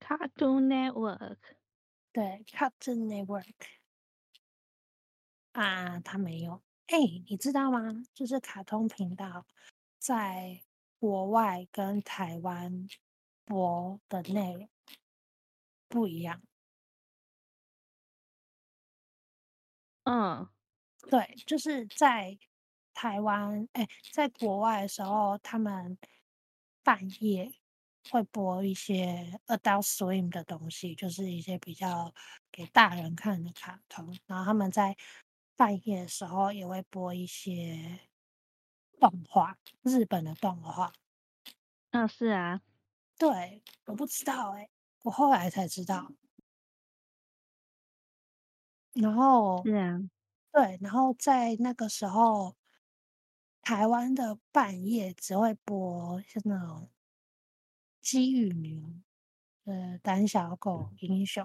，Cartoon Network，對，Cartoon Network，啊，它沒有。哎，你知道嗎？就是卡通頻道，在國外跟台灣播的內容不一樣。嗯，對，就是在。台灣哎、欸，在國外的時候，他們半夜會播一些 Adult Swim 的東西，就是一些比較給大人看的卡通。然後他們在半夜的時候也會播一些動畫，日本的動畫。嗯、哦，是啊，對，我不知道哎、欸，我後來才知道。然後是啊，對，然後在那個時候。台灣的半夜只會播像那種《雞與牛》呃，《膽小狗英雄》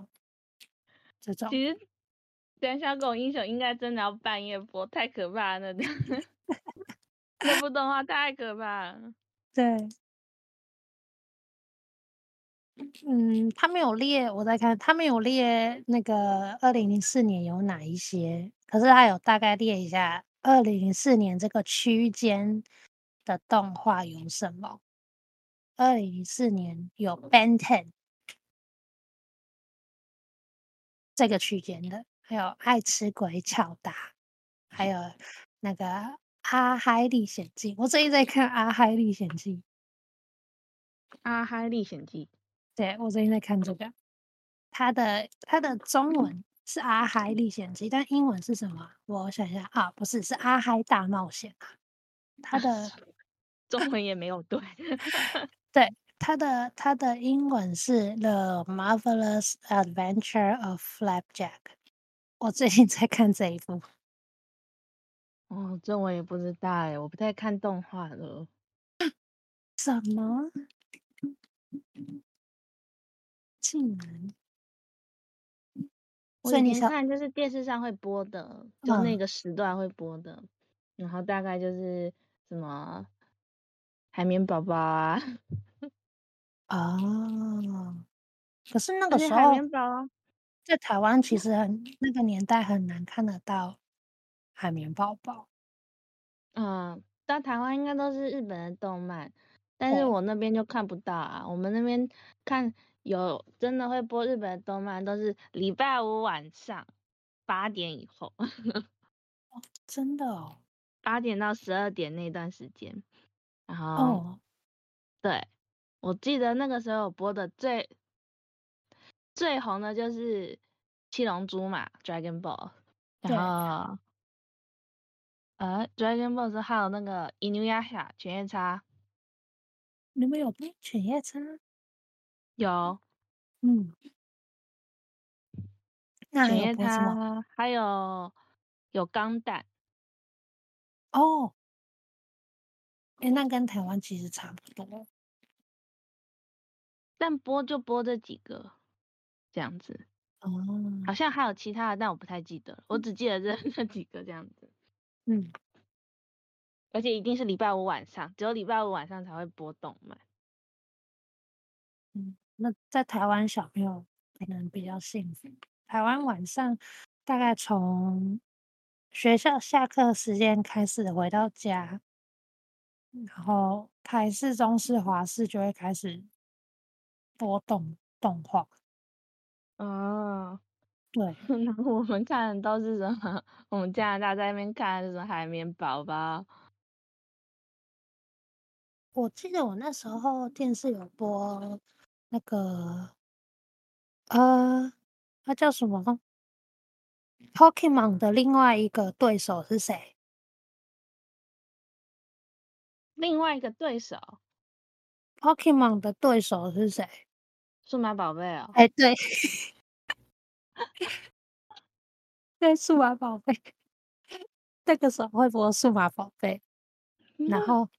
這種。其實，《膽小狗英雄》應該真的要半夜播，太可怕了，那個， <laughs> <laughs> 那部那部動畫太可怕了。對，嗯，他沒有列，我在看，他沒有列那個二零零四年有哪一些，可是他有大概列一下。二零零四年這個區間的動畫有什麼？二零零四年有《Ben Ten》這個區間的，還有《愛吃鬼巧達》，還有那個《阿嗨歷險記》。我最近在看《阿嗨歷險記》。《阿嗨歷險記》對，對我最近在看這個。它的它的中文，是《阿嗨歷險記》，但英文是什麼？我想想啊，不是，是《阿嗨大冒險》啊。它的 <laughs> 中文也沒有對， <laughs> 對，他的他的英文是《The Marvelous Adventure of Flapjack》。我最近在看這一部。哦，中文也不知道哎，我不太看動畫的。什麼？竟能。所以你想我以前看就是電視上會播的，嗯、就那個時段會播的，然後大概就是什麼海綿寶寶啊，啊、 <laughs> 哦，可是那個時候海綿寶寶在台灣其實很那個年代很難看得到海綿寶寶，嗯，但台灣應該都是日本的動漫，但是我那邊就看不到啊，哦、我們那邊看。有真的會播日本的動漫，都是禮拜五晚上八點以後 <laughs> 哦，真的哦，八點到十二點那段時間，然後、哦、對，我記得那個時候播的最最紅的就是《七龍珠》嘛，《Dragon Ball》，然後對呃，《Dragon Ball》是還有那個《Inuyasha 犬夜叉》，你們有播《犬夜叉》？有，嗯，那你，它還有有鋼彈哦，哎、欸，那跟台灣其實差不多、嗯，但播就播這幾個這樣子，哦，好像還有其他的，但我不太記得了，我只記得這那幾個這樣子，嗯，而且一定是禮拜五晚上，只有禮拜五晚上才會播動漫，嗯。那在台灣小朋友可能比較幸福。台灣晚上大概從學校下課時間開始回到家，然後台視、中視、華視就會開始播動動畫。啊、哦，對。然後 <laughs> 我們看的都是什麼？我們加拿大在那邊看是什麼海綿寶寶。我記得我那時候電視有播、哦。那個，呃，他叫什麼？Pokemon 的另外一個對手是誰？另外一個對手，Pokemon 的對手是誰？數碼寶貝啊！哎、欸，對， <laughs> <laughs> 對，數碼寶貝，那 <laughs> 個時候會播數碼寶貝，然後。嗯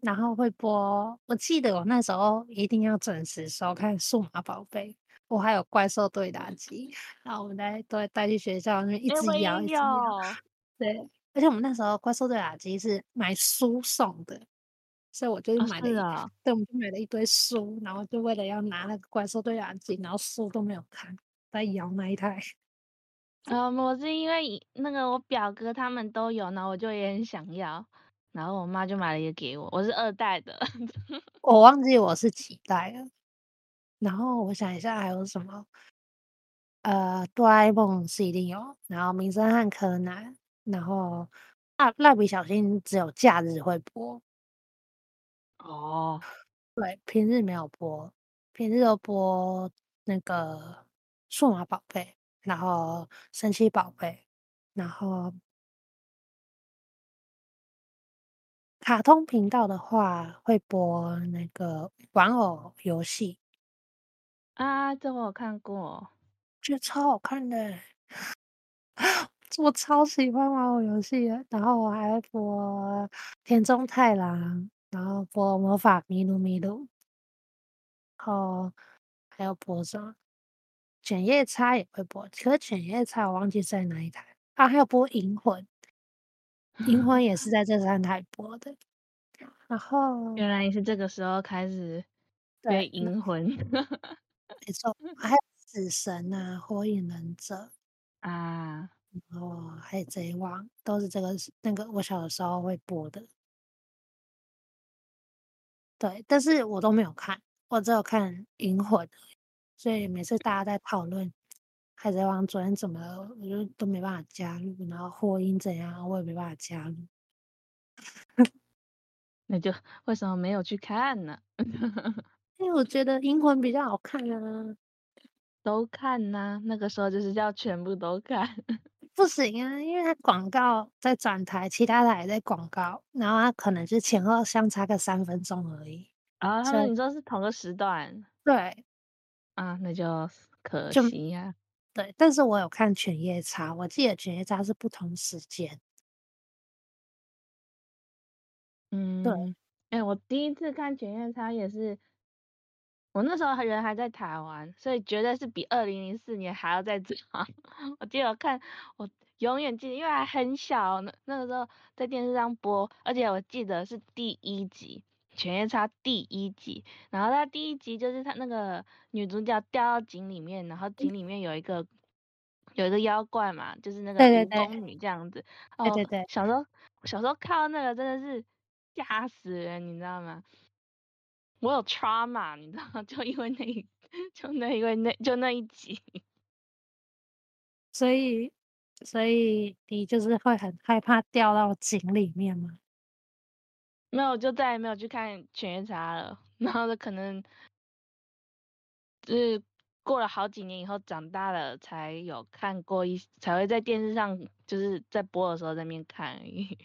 然後會播，我記得我那時候一定要準時收看《數碼寶貝》，我還有怪獸對打機，然後我們大家都會帶去學校那邊一直搖，欸、一直搖。對，而且我們那時候怪獸對打機是買書送的，所以我就買了，哦是哦、對，我們就買了一堆書，然後就為了要拿那個怪獸對打機，然後書都沒有看，在搖那一台。嗯、哦，我是因為那個我表哥他們都有，然後我就也很想要。然後我媽就買了一個給我，我是二代的， <laughs> 我忘記我是幾代了。然後我想一下還有什麼，呃，哆啦 A 夢是一定有，然後名偵探柯南，然後，啊，蠟蠟筆小新只有假日會播，哦，對，平日沒有播，平日都播那個數碼寶貝，然後神奇寶貝，然後。卡通頻道的話，會播那個玩偶遊戲啊，這我看過，這超好看的。 <laughs> 我超喜歡玩偶遊戲，然後我還會播田中太郎，然後播魔法咪路咪路，然後還有播什麼？犬夜叉也會播，可犬夜叉我忘記在哪一台啊，還有播銀魂。銀魂也是在這三台播的，然後原來是這個時候開始對銀魂 <laughs> 沒錯，還有死神啊，火影忍者啊，然後海賊王都是這個那個我小的時候會播的，對，但是我都沒有看，我只有看銀魂，所以每次大家在討論。海賊王昨天怎麼了，我就都沒辦法加入，然後火影怎樣我也沒辦法加入， <laughs> 那就為什麼沒有去看呢？ <laughs> 因為我覺得銀魂比較好看啊，都看吶、啊，那個時候就是要全部都看， <laughs> 不行啊，因為它廣告在轉台，其他台也在廣告，然後它可能是前後相差個三分鐘而已，啊，所以、啊、你說是同個時段，對，啊，那就可惜呀、啊。對，但是我有看《犬夜叉》，我記得《犬夜叉》是不同時間。嗯，對，哎、欸，我第一次看《犬夜叉》也是，我那時候人還在台灣，所以絕對是比二零零四年還要再早。 <laughs> 我記得我看，我永遠記得，因為還很小，那，那個時候在電視上播，而且我記得是第一集。《犬夜叉》第一集，然後他第一集就是他那個女主角掉到井裡面，然後井裡面有一個有一個妖怪嘛，就是那個宮女這樣子。對對，對對對。小時候小時候看到那個真的是嚇死人，你知道嗎？我有 trauma，你知道嗎？就因為那，就那因為那，就那一集。所以，所以你就是會很害怕掉到井裡面嗎？沒有，就再也沒有去看《犬夜叉》了。然後就可能，就是過了好幾年以後，長大了才有看過一，才會在電視上就是在播的時候在那邊看而已。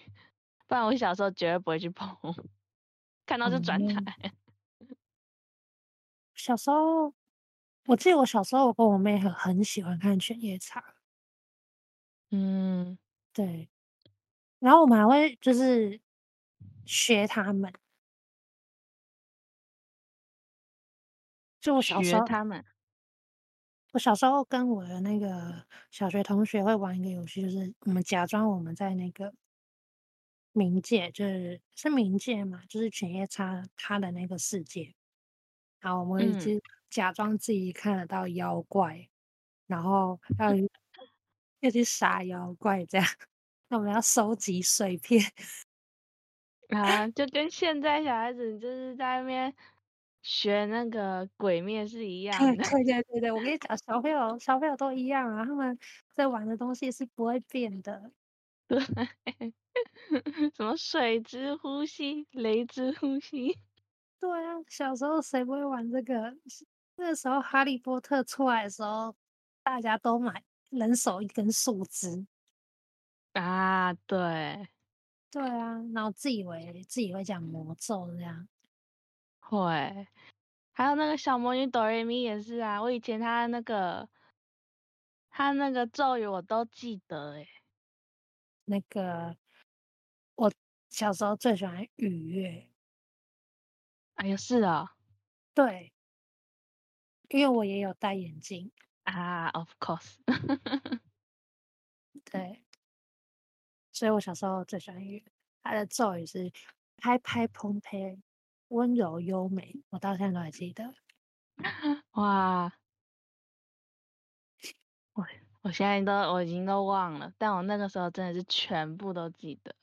不然我小時候絕對不會去碰，看到就轉台。嗯，小時候，我記得我小時候我跟我妹很很喜歡看《犬夜叉》。嗯，對。然後我們還會就是。學他們，就我小時候，他們，我小時候跟我的那個小學同學會玩一個遊戲，就是我們假裝我們在那個冥界，就是是冥界嘛，就是犬夜叉他的那個世界。然後我們一直假裝自己看得到妖怪，嗯、然後要、嗯、要去殺妖怪，這樣，那我們要收集碎片。 <laughs> 啊，就跟現在小孩子就是在那邊學那個鬼滅是一樣的。對、欸、對對對，我跟你講，小朋友小朋友都一樣啊，他們在玩的東西是不會變的。對。 <laughs> 什麼水之呼吸、雷之呼吸？對啊，小時候誰不會玩這個？那時候哈利波特出來的時候，大家都買，人手一根樹枝。啊，對。對啊，然後自以為自己會講魔咒這樣，會。還有那個小魔女 DoReMi 也是啊，我以前她那個她那個咒語我都記得誒、欸、那個我小時候最喜歡羽月。哎呀，是啊、哦，對，因為我也有戴眼鏡啊、uh,，Of course。 <laughs> 對。所以我小時候最喜歡音樂，他的咒語是拍拍蓬蓬，溫柔優美，我到現在都還記得。哇！我我現在都我已經都忘了，但我那個時候真的是全部都記得，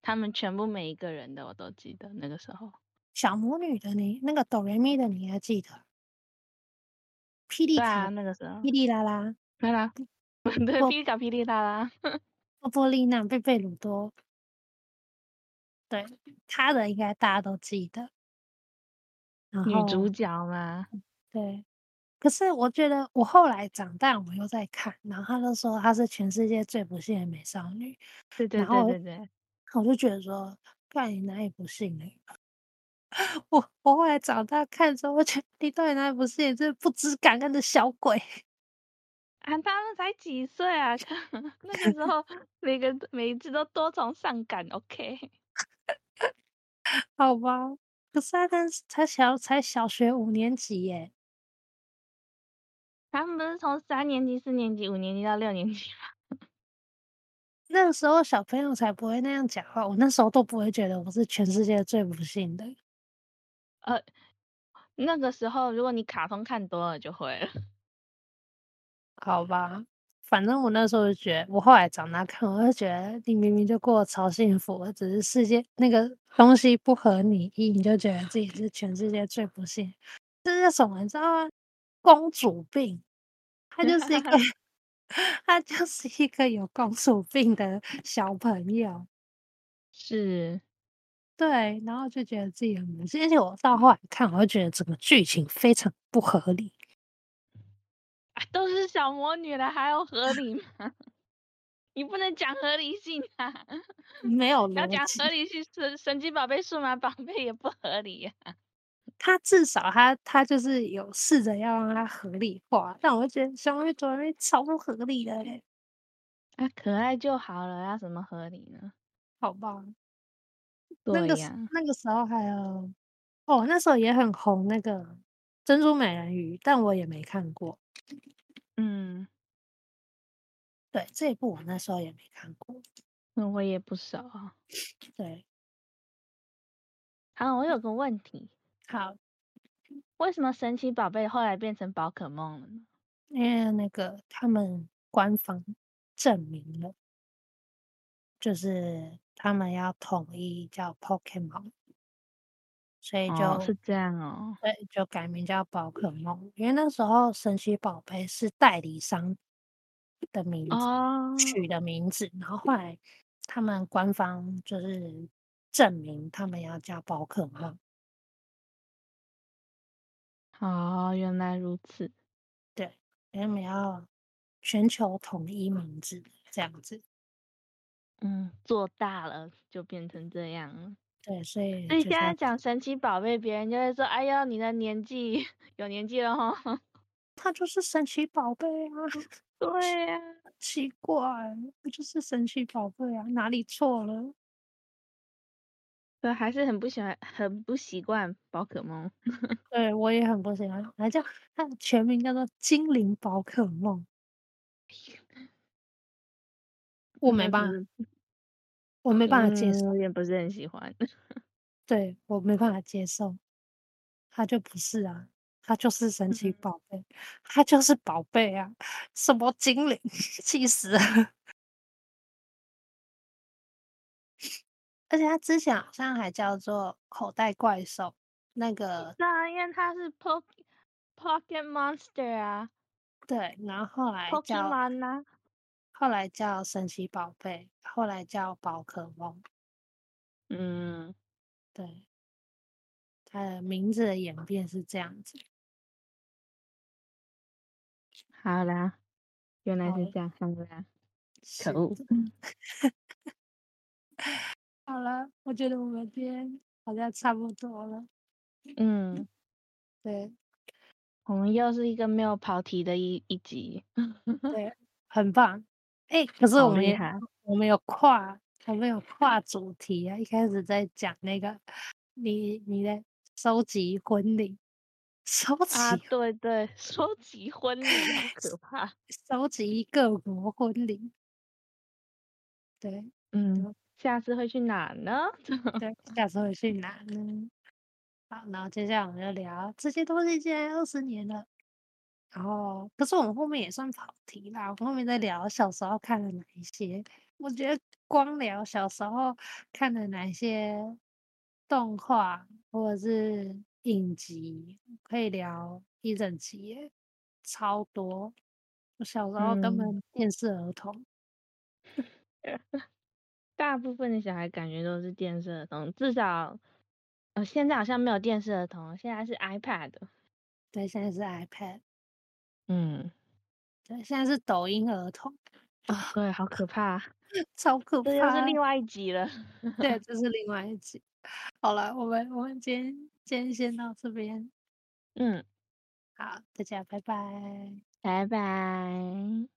他們全部每一個人的我都記得。那個時候，小魔女的你，那個 DoReMi 的你還記得，霹靂對、啊、那個時候霹靂啦啦啦啦，對，我霹靂小啦啦。 <laughs> 阿波利娜貝貝魯多，對他的應該大家都記得。女主角嘛。對。可是我覺得我後來長大，我又在看，然後他就說他是全世界最不幸的美少女。對對對對，對，對我就覺得說，不然你哪裡不幸呢？我我後來長大看之後我覺得你到底哪裡不幸？這是不知感恩的小鬼。啊，他們才幾歲啊？ <laughs> 那個時候，每個每一次都多愁善感。OK， <laughs> 好吧，可是他們才小，才小學五年級耶。他們不是從三年級、四年級、五年級到六年級嗎？那個時候小朋友才不會那樣講話。我那時候都不會覺得我是全世界最不幸的。呃，那個時候如果你卡通看多了就會了。好吧，反正我那時候就覺得，我後來長大看，我就覺得你明明就過得超幸福，我只是世界那個東西不合你意，你就覺得自己是全世界最不幸。這是什麼你知道嗎？公主病，他就是一個，他 <laughs> 就是一個有公主病的小朋友，是，對，然後就覺得自己很不幸。而且我到後來看，我就覺得整個劇情非常不合理。都是小魔女了，還要合理嗎？ <laughs> 你不能講合理性啊！沒有， <laughs> 你要講合理性，神神奇寶貝、數碼寶貝也不合理呀，啊。它至少它它就是有試着要讓它合理化，但我覺得小魔女、左邊超不合理的嘞，欸啊。可愛就好了，要什麼合理呢？好棒。對呀，啊那個。那個時候還有哦，那時候也很紅那個珍珠美人魚，但我也沒看過。嗯，對，這一部我那時候也沒看過，那、嗯、我也不熟。對，好，我有個問題，好，為什麼神奇寶貝後來變成寶可夢了呢？因為那個他們官方證明了，就是他們要統一叫 Pokemon。所以就是這樣哦，對，就改名叫寶可夢，哦、因為那時候神奇寶貝是代理商的名字、哦、取的名字，然後後來他們官方就是證明他們要叫寶可夢。好、哦，原來如此。對，因為我們要全球統一名字，嗯、這樣子。嗯，做大了就變成這樣了。對，所以所以現在講神奇寶貝，別人就會說：“哎呀，你的年紀有年紀了哈。”他就是神奇寶貝啊！對呀、啊，奇怪，不就是神奇寶貝啊？哪裡錯了？對，還是很不喜歡，很不習慣寶可夢。 <laughs> 對我也很不喜歡，還叫他的全名叫做精靈寶可夢。 <laughs> 我沒辦法。 <laughs> 我沒辦法接受，哦嗯、也不是很喜歡。對我沒辦法接受，他就不是啊，他就是神奇寶貝，嗯、他就是寶貝啊，什麼精靈，氣死了！嗯、而且他之前好像還叫做口袋怪獸，那個那因為他是 Pocket Pocket Monster 啊，對，然後後來 Pokemon 啊。後來叫神奇寶貝，後來叫寶可夢，嗯，對，它的名字的演變是這樣子。好啦，原來是這樣子，啊。可惡！好了，我覺得我們今天好像差不多了。嗯，對，我們又是一個沒有跑題的一一集。對， <laughs> 很棒。哎，可是我們有我們有跨，我們有跨主題啊！一開始在講那個，你你的收集婚禮，收集、啊、對對，收集婚禮好可怕，收集各國婚禮。對，嗯，下次會去哪呢？對， <laughs> 下次會去哪呢？好，然後接下來我們就聊這些東西，竟然二十年了。然後，可是我們後面也算跑題啦。我們後面在聊小時候看了哪一些，我覺得光聊小時候看了哪些動畫或者是影集，可以聊一整集耶，超多。我小時候根本電視兒童，嗯、 <laughs> 大部分的小孩感覺都是電視兒童，至少呃現在好像沒有電視兒童，現在是 iPad。對，現在是 iPad。嗯，對，現在是抖音兒童啊，對，好可怕，超可怕，這、就是另外一集了， <laughs> 對，這、就是另外一集。好了，我們我們今天今天先到這邊，嗯，好，大家拜拜，拜拜。